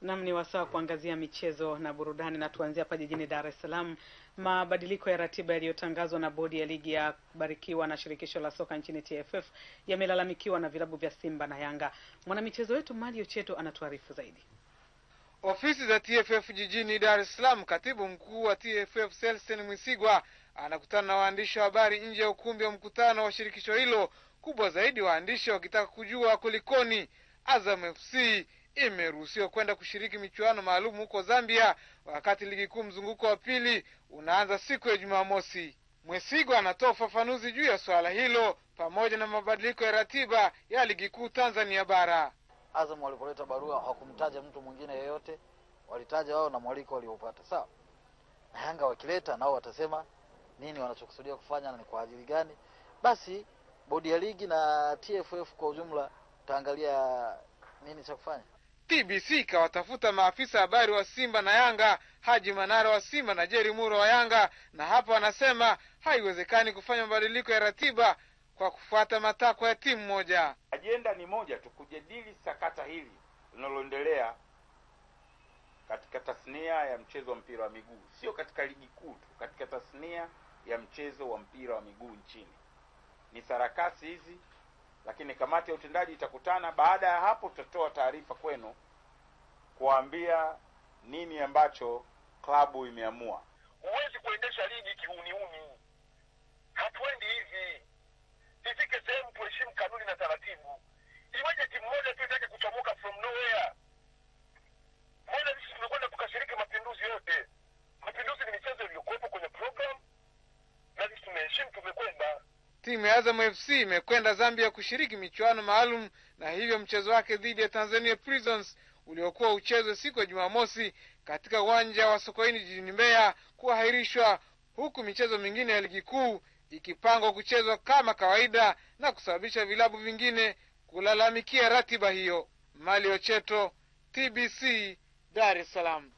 Nam ni wasaa kuangazia michezo na burudani, na tuanzia hapa jijini Dar es Salaam. Mabadiliko ya ratiba yaliyotangazwa na bodi ya ligi ya Barikiwa na shirikisho la soka nchini TFF yamelalamikiwa na vilabu vya Simba na Yanga. Mwanamichezo wetu Mario Cheto anatuarifu zaidi. Ofisi za TFF jijini Dar es Salaam, katibu mkuu wa TFF Celestine Mwisigwa anakutana na waandishi wa habari nje ya ukumbi wa mkutano wa shirikisho hilo kubwa zaidi, waandishi wakitaka kujua kulikoni Azam FC imeruhusiwa kwenda kushiriki michuano maalum huko Zambia, wakati ligi kuu mzunguko wa pili unaanza siku ya Jumamosi. Mwesigo anatoa ufafanuzi juu ya swala hilo pamoja na mabadiliko ya ratiba ya ligi kuu Tanzania Bara. Azam walipoleta barua hawakumtaja mtu mwingine yeyote, walitaja wao na mwaliko waliopata. Sawa na Yanga wakileta nao watasema nini wanachokusudia kufanya na ni kwa ajili gani. Basi bodi ya ligi na TFF kwa ujumla, tutaangalia nini cha kufanya. TBC ikawatafuta maafisa habari wa Simba na Yanga, Haji Manara wa Simba na Jeri Muro wa Yanga, na hapa wanasema haiwezekani kufanya mabadiliko ya ratiba kwa kufuata matakwa ya timu moja. Ajenda ni moja tu, kujadili sakata hili linaloendelea katika tasnia ya mchezo wa mpira wa miguu, sio katika ligi kuu tu, katika tasnia ya mchezo wa mpira wa miguu nchini. Ni sarakasi hizi, lakini kamati ya utendaji itakutana. Baada ya hapo, tutatoa taarifa kwenu kuwaambia nini ambacho klabu imeamua. Huwezi kuendesha ligi kiuniuni, hatuendi hivi. Ifike sehemu tuheshimu kanuni na taratibu. Iweje timu moja tu itake kuchomoka from nowhere? Mbona sisi tumekwenda tukashiriki mapinduzi yote? Mapinduzi ni michezo iliyokuwepo kwenye program na sisi tumeheshimu, tumekwenda Timu ya Azam FC imekwenda Zambia kushiriki michuano maalum na hivyo mchezo wake dhidi ya Tanzania Prisons uliokuwa uchezwe siku ya Jumamosi katika uwanja wa sokoini jijini Mbeya kuahirishwa huku michezo mingine ya ligi kuu ikipangwa kuchezwa kama kawaida na kusababisha vilabu vingine kulalamikia ratiba hiyo. Ocheto, TBC, Dar es Salaam.